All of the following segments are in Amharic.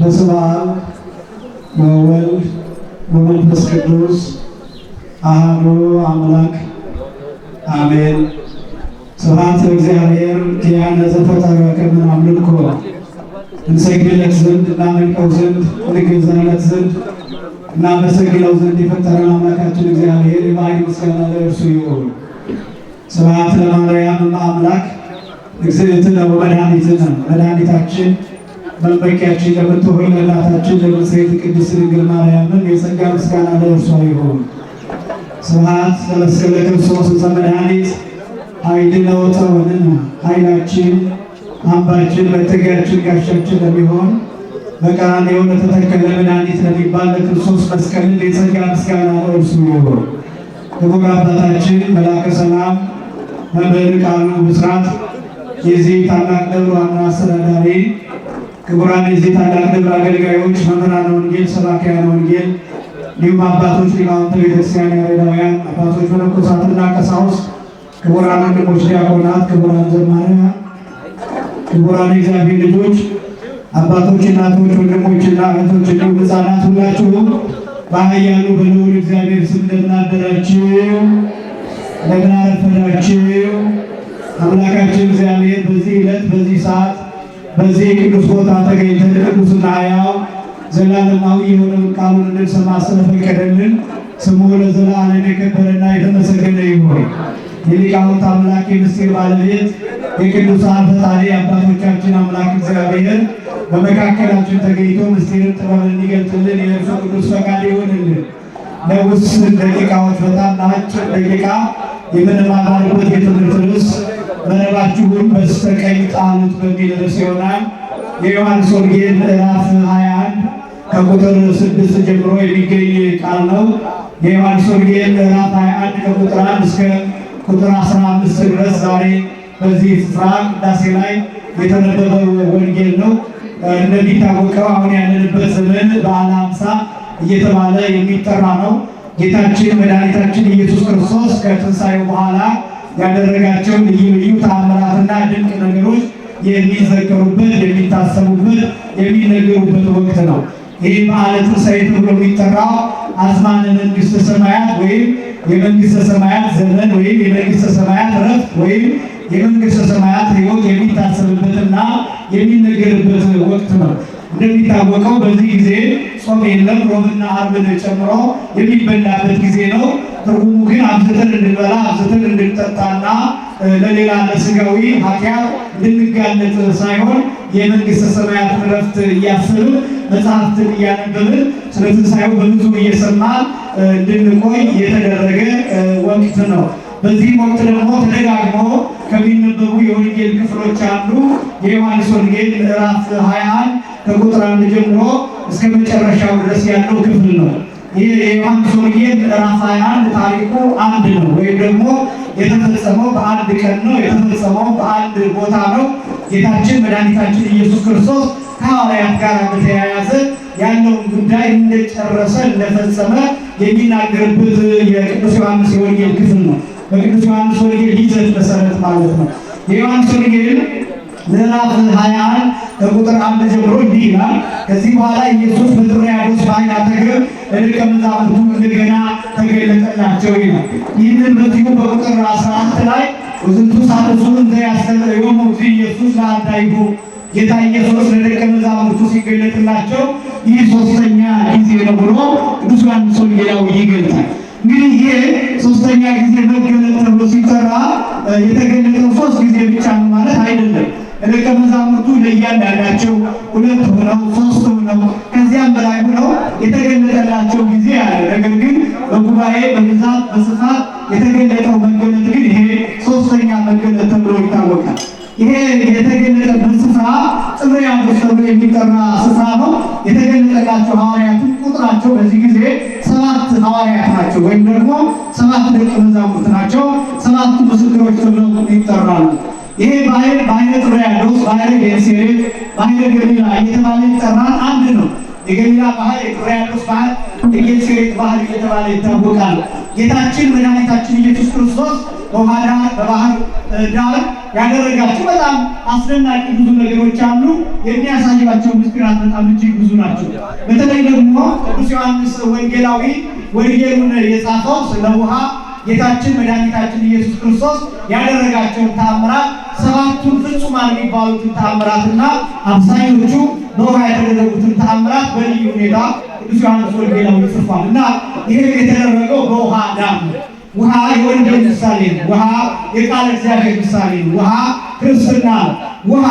በስመ አብ ወወልድ ወመንፈስ ቅዱስ አሐዱ አምላክ አሜን። ስብሐት ለእግዚአብሔር ያነ ዘፈጠረ ከመ ናምልኮ እንሰግድለት ዘንድ እናመልከው ዘንድ እንገዛለት ዘንድ እናመሰግነው ዘንድ የፈጠረን አምላካችን እግዚአብሔር የባሕርይ ምስጋና ለእርሱ ይሁን። ስብሐት ለማርያም አምላክ እግዝእትነ ወመድኃኒትነ መድኃኒታችን መመኪያችን ለምትሆኝ ለእናታችን ለመሥዋዕት ቅድስት ድንግል ማርያምን የጸጋ ምስጋና ለእርሷ ይሁን። ስብሐት ለመስቀለ ክርስቶስ ዘመድኃኒት ኃይልነ ወፀወንነ ኃይላችን አምባችን መጠጊያችን ጋሻችን ለሚሆን በቀራንዮ ለተተከለ መድኃኒት ለሚባል ለክርስቶስ መስቀል የጸጋ ምስጋና ለእርሱ ይሁን። ክቡር አባታችን መላከ ሰላም መምህር ቃሉ ብስራት የዚህ ታላቅ ደብር ዋና አስተዳዳሪ ክቡራን የዚህ ታላቅ ደብር አገልጋዮች፣ መምህራነ ወንጌል፣ ሰባክያነ ወንጌል እንዲሁም አባቶች፣ ሊቃውንተ ቤተክርስቲያን፣ ያሬዳውያን አባቶች፣ መነኮሳትና ቀሳውስት፣ ክቡራን ወንድሞች ዲያቆናት፣ ክቡራን ዘማሪያ፣ ክቡራን የእግዚአብሔር ልጆች፣ አባቶች፣ እናቶች፣ ወንድሞችና እህቶች እንዲሁም ህፃናት ሁላችሁም በኃያሉ በልዑል እግዚአብሔር ስም እንደምን አደራችሁ? አምላካችን እግዚአብሔር በዚህ ዕለት በዚህ ሰዓት በዚህ ቅዱስ ቦታ ተገኝተን ቅዱስና ሕያው ዘላለማዊ የሆነውን ቃሉን እንድንሰማ ስለፈቀደልን ስሙ ለዘላለም የከበረና የተመሰገነ ይሁን። የሊቃውንት አምላክ የምስጢር ባለቤት የቅዱሳን ፈጣሪ አባቶቻችን አምላክ እግዚአብሔር በመካከላችን ተገኝቶ ምስጢርን ጥበብን እንዲገልጥልን የእርሱ ቅዱስ ፈቃድ ይሆንልን። ለውስን ደቂቃዎች በጣም ለአጭር ደቂቃ የምንማማርበት የትምህርት ርዕስ መረባችሁን በስተቀኝ ጣሉት በሚል ርዕስ ይሆናል። የዮሐንስ ወንጌል ምዕራፍ 21 ከቁጥር ስድስት ጀምሮ የሚገኝ ቃል ነው። የዮሐንስ ወንጌል ምዕራፍ 21 ከቁጥር 1 እስከ ቁጥር 15 ድረስ ዛሬ በዚህ ስፍራ ቅዳሴ ላይ የተነበበ ወንጌል ነው። እንደሚታወቀው አሁን ያለንበት ዘመን በዓለ ሃምሳ እየተባለ የሚጠራ ነው። ጌታችን መድኃኒታችን ኢየሱስ ክርስቶስ ከትንሣኤው በኋላ ያደረጋቸውን ልዩ ልዩ ተአምራትና ድንቅ ነገሮች የሚዘከሩበት የሚታሰቡበት የሚነገሩበት ወቅት ነው። ይህ በዓለ ትንሣኤ ተብሎ የሚጠራው አዝማነ መንግሥተ ሰማያት ወይም የመንግሥተ ሰማያት ዘመን ወይም የመንግሥተ ሰማያት ረፍት ወይም የመንግሥተ ሰማያት ሕይወት የሚታሰብበትና የሚነገርበት ወቅት ነው። እንደሚታወቀው በዚህ ጊዜ ጾም የለም። ሮብና አርብን ጨምሮ የሚበላበት ጊዜ ነው። ትርጉሙ ግን አብዝተን እንድንበላ አብዝተን እንድንጠጣና ለሌላ ለስጋዊ ኃጢአት እንድንጋለጥ ሳይሆን የመንግስተ ሰማያትን ረፍት እያስብን መጽሐፍትን እያነበብን ስለ ትንሣኤው በብዙ እየሰማን እንድንቆይ የተደረገ ወቅት ነው። በዚህ ወቅት ደግሞ ተደጋግሞ ከሚነበቡ የወንጌል ክፍሎች አንዱ የዮሐንስ ወንጌል ምዕራፍ 21 ከቁጥር አንድ ጀምሮ እስከ መጨረሻው ድረስ ያለው ክፍል ነው። ይህ የዮሐንስ ወንጌል ምዕራፍ 21 ታሪኩ አንድ ነው፣ ወይም ደግሞ የተፈጸመው በአንድ ቀን ነው፣ የተፈጸመው በአንድ ቦታ ነው። ጌታችን መድኃኒታችን ኢየሱስ ክርስቶስ ከሐዋርያት ጋር በተያያዘ ያለውን ጉዳይ እንደጨረሰ እንደፈጸመ የሚናገርበት የቅዱስ ዮሐንስ የወንጌል ክፍል ነው። በቅዱስ ዮሐንስ ወንጌል ይዘት መሰረት ማለት ነው። የዮሐንስ ወንጌል ምዕራፍ 21 ከቁጥር አንድ ጀምሮ እንዲህ ይላል። ከዚህ በኋላ ኢየሱስ በጥሪያዶስ በሐይቅ አጠገብ ለደቀ መዛሙርቱ እንደገና ተገለጠላቸው ይላል። ይህንን በዚሁ በቁጥር አስራ አራት ላይ ውዝንቱ ሳልሱ እንዘ ያስተርእዮሙ ኢየሱስ ለአንታይሁ ጌታ ኢየሱስ ለደቀ መዛሙርቱ ሲገለጥላቸው ይህ ሶስተኛ ጊዜ ነው ብሎ ቅዱስ ዮሐንስ ወንጌላዊ ይገልጻል። እንግዲህ ይህ ሶስተኛ ጊዜ መገለጥ ተብሎ ሲጠራ የተገለጠው ሶስት ጊዜ ብቻ ነው እያንዳንዳቸው ሁለት ሆነው ሶስት ሆነው ከዚያም በላይ ሆነው የተገለጠላቸው ጊዜ አለ። ነገር ግን በጉባኤ በብዛት በስፋት የተገለጠው መገለጥ ግን ይሄ ሶስተኛ መገለጥ ተብሎ ይታወቃል። ይሄ የተገለጠበት ስፍራ ጥብርያዶስ ተብሎ የሚጠራ ስፍራ ነው። የተገለጠላቸው ሐዋርያትን ቁጥራቸው በዚህ ጊዜ ሰባት ሐዋርያት ናቸው፣ ወይም ደግሞ ሰባት ደቀ መዛሙርት ናቸው። ሰባቱ ምስክሮች ተብለው ይጠራሉ። ይሄ ባህል ባህለ ጥብርያዶስ፣ ባህለ ቤንሴሬት፣ ባህለ ገሊላ እየተባለ ይጠራል። አንድ ነው። የገሊላ ባህል፣ የጥብርያዶስ ባህል፣ የጌንሴሬት ባህል እየተባለ ይታወቃል። ጌታችን መድኃኒታችን ኢየሱስ ክርስቶስ በባህር ዳር ያደረጋቸው በጣም አስደናቂ ብዙ ነገሮች አሉ። የሚያሳይባቸው ምስጢራት በጣም እጅግ ብዙ ናቸው። በተለይ ደግሞ ቅዱስ ዮሐንስ ወንጌላዊ ወንጌሉን የጻፈው ስለ ውሃ ጌታችን መድኃኒታችን ኢየሱስ ክርስቶስ ያደረጋቸውን ታምራት ሰባቱን ፍጹማን የሚባሉትን ታምራትና አብዛኞቹ በውሃ የተደረጉትን ታምራት በልዩ ሁኔታ ቅዱስ ዮሐንስ ወንጌላዊ ጽፏል እና ይህም የተደረገው በውሃ ዳም ውሃ የወንጌል ምሳሌ ነው። ውሃ የቃለ እግዚአብሔር ምሳሌ ነው። ውሃ ክርስትና ነው። ውሃ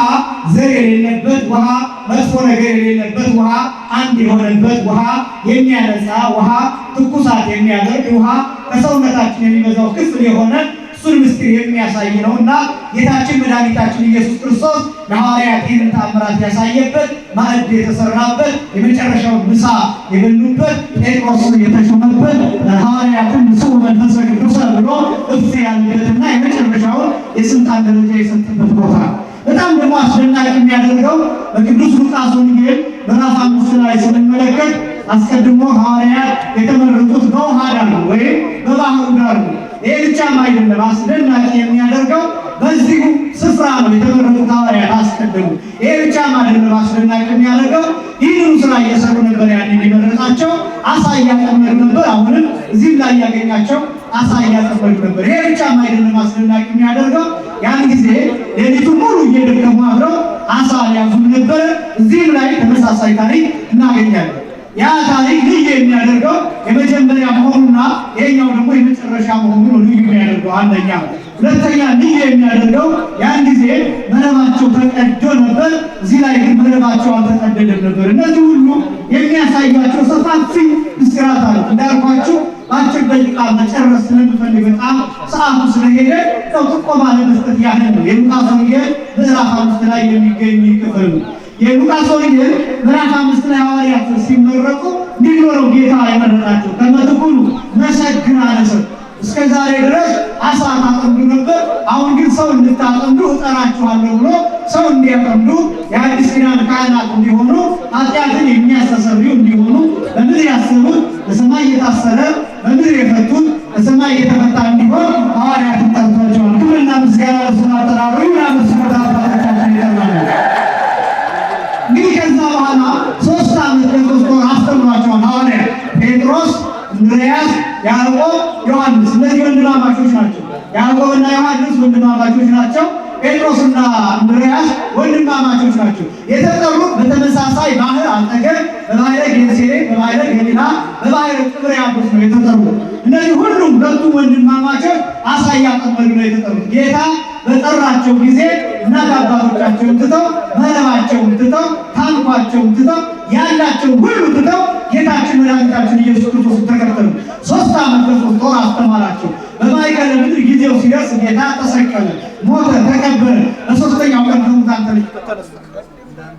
ዘር የሌለበት ውሃ መጥፎ ነገር የሌለበት ውሃ አንድ የሆነበት ውሃ የሚያነጻ ውሃ ትኩሳት የሚያደርግ ውሃ ከሰውነታችን የሚበዛው ክፍል የሆነ እሱን ምስጢር የሚያሳይ ነው እና ጌታችን መድኃኒታችን ኢየሱስ ክርስቶስ ለሐዋርያት ይህንን ተአምራት ያሳየበት ማዕድ የተሰራበት የመጨረሻው ምሳ የበሉበት ጴጥሮስ የተሾመበት ሐዋርያትን ንስሑ መንፈሰ ቅዱስ ብሎ እፍ ያለበትና የመጨረሻውን የስልጣን ደረጃ የሰጠበት ቦታ በጣም ደግሞ አስደናቂ የሚያደርገው በቅዱስ ሉቃስ ወንጌል ምዕራፍ አምስት ላይ ስንመለከት አስቀድሞ ሐዋርያት የተመረጡት በውሃ ዳር ነው ወይም በባህሩ ዳር ነው። ይሄ ብቻም አይደለም፣ አስደናቂ የሚያደርገው በዚሁ ስፍራ ነው የተመረጡት ሐዋርያት አስቀድሞ። ይሄ ብቻም አይደለም፣ አስደናቂ የሚያደርገው ይህንኑ ስራ እየሰሩ ነበር። ያን የሚመረጣቸው አሳ እያጠመዱ ነበር። አሁንም እዚህም ላይ ያገኛቸው አሳ እያጠመዱ ነበር። ይሄ ብቻም አይደለም፣ አስደናቂ የሚያደርገው ያን ጊዜ ሌሊቱ ሙሉ እየደከሙ አብረው አሳ ያዙ ነበር። እዚህም ላይ ተመሳሳይ ታሪክ እናገኛለን። ያ ታሪክ ልዩ የሚያደርገው የመጀመሪያ መሆኑና ይሄኛው ደግሞ የመጨረሻ መሆኑ ልዩ የሚያደርገው አንደኛ። ሁለተኛ ልዩ የሚያደርገው ያን ጊዜ መረባቸው ተቀዶ ነበር፣ እዚህ ላይ ግን መረባቸው አልተቀደደም ነበር። እነዚህ ሁሉ የሚያሳያቸው ሰፋፊ ምስራት አለ። እንዳልኳቸው በአጭር ደቂቃ መጨረስ ስለምፈልግ በጣም ሰዓቱ ስለሄደ ጥቆማ ለመስጠት ያህል ነው። የሉቃስ ወንጌል ምዕራፍ አምስት ላይ የሚገኝ ክፍል ነው። የሉቃስ ወንጌል ምዕራፍ አምስት ላይ ሐዋርያት ሲመረቁ እንዲኖረው ጌታ የመረጣቸው ከመትኩሉ መሰግን አነሰብ እስከ ዛሬ ድረስ አሳ ታጠምዱ ነበር፣ አሁን ግን ሰው እንድታጠምዱ እጠራችኋለሁ ብሎ ሰው እንዲያጠምዱ የአዲስ ኪዳን ካህናት እንዲሆኑ ኃጢአትን የሚያስተሰርዩ እንዲሆኑ በምድር ያሰሩት በሰማይ የታሰረ በምድር የፈቱት በሰማይ የተፈታ እንዲሆን ሐዋርያትን ጠርቷቸዋል። ክብርና ምስጋና ለስም አጠራሩ ይሁን። ያዕቆብ ዮሐንስ እነዚህ ወንድማማቾች ናቸው። ያዕቆብና ዮሐንስ ወንድማማቾች ናቸው። ጴጥሮስና እንድርያስ ወንድማማቾች ናቸው። የተጠሩት በተመሳሳይ ባህር አጠገብ በባህረ በባህረ ገሊላ፣ በባህረ ጥብርያዶስ ነው የተጠሩ። እነዚህ ሁሉም ሁለቱም ወንድማማቾች አሳ ነው የተጠሩት። ጌታ በጠራቸው ጊዜ እናት አባቶቻቸውን ትተው መረባቸውን ትተው ታንኳቸውን ትተው ያላቸው ሁሉ ትተው ጌታችን መድኃኒታችን ኢየሱስ ክርስቶስ ተከተሉ። ሶስት ዓመት በሶስት ወር አስተማራቸው። በማይከለ ምድር ጊዜው ሲደርስ ጌታ ተሰቀለ፣ ሞተ፣ ተቀበረ። በሶስተኛው ቀን ከሙታን ተነሳ።